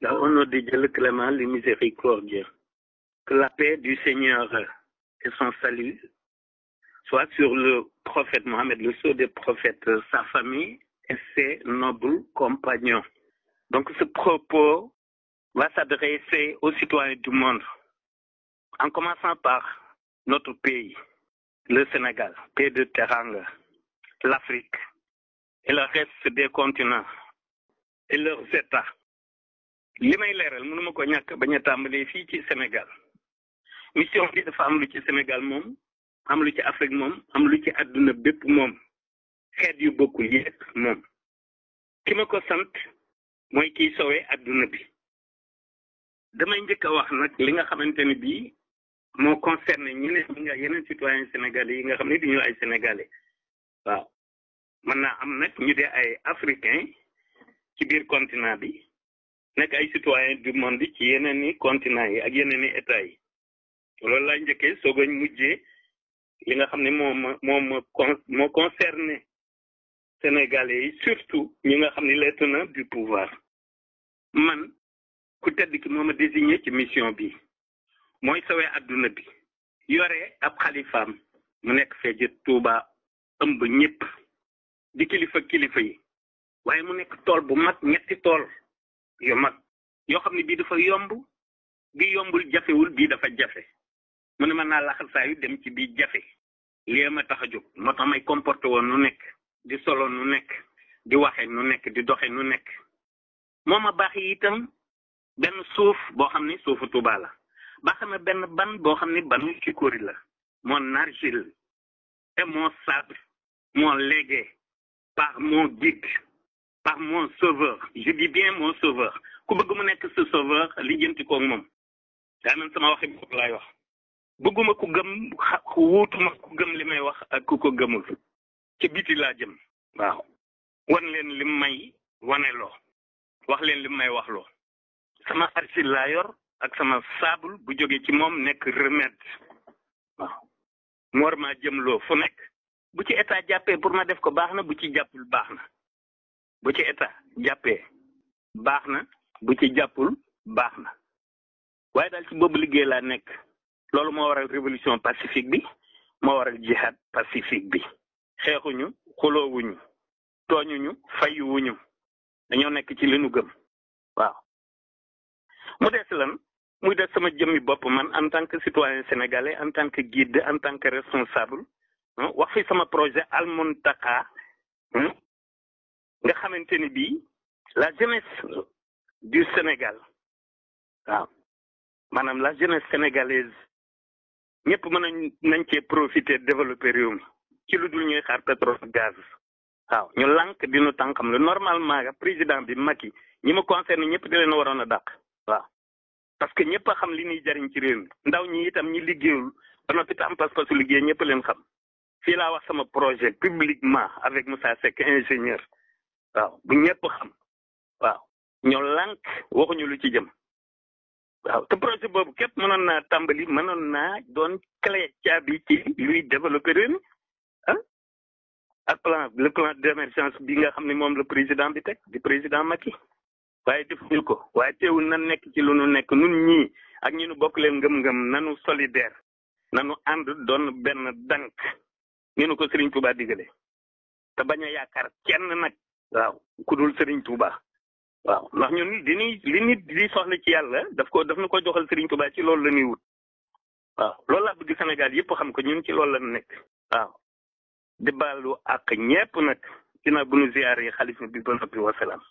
la honneur de Dieu le clément, le miséricordieux. Que la paix du Seigneur et son salut soient sur le prophète Mohamed, le sceau des prophètes, sa famille et ses nobles compagnons. Donc ce propos va s'adresser aux citoyens du monde, en commençant par notre pays, le Sénégal, paix de Teranga, l'Afrique et le reste des continents et leurs États. li may leeral mënu ma ko ñàkk bañ a tàmbalee fii ci Sénégal mission bi dafa am lu ci Sénégal moom am lu ci Afrique moom am lu ci àdduna bépp moom xeet yu bokkul yépp moom ki ma ko sant mooy kiy sowee adduna bi damay njëkk a wax nag li nga xamante ni bii moo concerné ñeneen ñi nga yeneen citoyen sénégalais yi nga xam ne du ñu ay sénégalais waaw mën naa am nag ñu dee ay africain ci biir continent bi nek ay citoyen du monde ci yeneen i continent yi ak yeneen i état yi loolu laa njëkkee soogañ mujjee li nga xam ne moom moom moo concerné sénégalais yi surtout ñi nga xam ne les du pouvoir man ku tedd ki moom a désigné ci mission bi mooy sawee adduna bi yore ab xalifaam mu nekk feeje Touba ëmb ñëpp di kilifa kilifa yi waaye mu nekk tool bu mag ñetti tool yu mag yoo xam ne bii dafa yomb bi yombul jafewul bii dafa jafe mu ne ma naa laxal saa yu dem ci bii jafe lii ma tax a jóg moo tax may comporte woon nu nekk di solo nu nekk di waxe nu nekk di doxe nu nekk moo ma baax yi itam benn suuf boo xam ne suufu Tuuba la baax na benn ban boo xam ne banu Sikori la moo argile et mon sable mon légué par mon guide par mon sauveur je bien mon sauveur ku bëgg mu nekk sa sauveur lijjanti koog moom daa sama waxi bopp laay wax bëgguma ku gëm wuutuma ku gëm li may wax ak ku ko gëmul ci biti laa jëm waaw wan leen lim may wane loo wax leen lim may wax loo sama arsil laa yor ak sama saabul bu jóge ci moom nekk remède waaw mu jëm loo fu nekk bu ci état jàppee pour ma def ko baax na bu ci jàppul baax na bu ci état jàppee baax na bu ci jàppul baax na waaye daal ci boobu liggéey laa nekk loolu moo waral révolution pacifique bi moo waral jihad pacifique bi xeexuñu xuloowuñu tooñuñu fayuwuñu dañoo nekk ci li nu gëm waaw mu des lan muy des sama jëmmi bopp man en tant que citoyen sénégalais en tant que guide en tant que responsable wax fi sama projet Al nga xamante ni bii la jeunesse du Sénégal waaw maanaam la jeunesse sénégalaise ñëpp mën nañ nañ cee profiter développer réew mi ci lu dul ñuy xaar pétrole gaz waaw ñu lànk dinu tànkam lu normalement président bi ñu ñi ma concerné ñëpp di leen waroon a dàq waaw parce que ñëpp a xam li ñuy jariñ ci réew mi ndaw ñi itam ñi liggéeyul ba noppi am pas-pasu liggéey ñëpp leen xam fii laa wax sama projet publiquement avec Moussa Seck ingénieur waaw bu ñepp xam waaw ñoo lànk waxuñu lu ci jëm waaw te projet boobu képp mënoon naa tàmbali mënoon naa doon clé caabi ci luy développer ren ah ak plan le plan d'émergence bi nga xam ne moom la président bi teg di président Macky waaye defuñu ko waaye teewul na nekk ci lu nu nekk nun ñii ak ñu nu bokk leen ngëm-ngëm nanu solidaire nanu ànd doon benn dank ni nu ko Serigne Touba digale te bañ a yaakaar kenn nag waaw ku dul Serigne Touba waaw ndax ñun di nuy li nit di soxla ci yàlla daf ko daf na ko joxal Serigne Touba ci loolu la ñuy wut waaw loolu laa bëgg Sénégal yëpp xam ko ñun ci loolu la nekk waaw di baalu àq ñépp nag dina bu ñu ziyaaree xalifa bi ba noppi wasalaam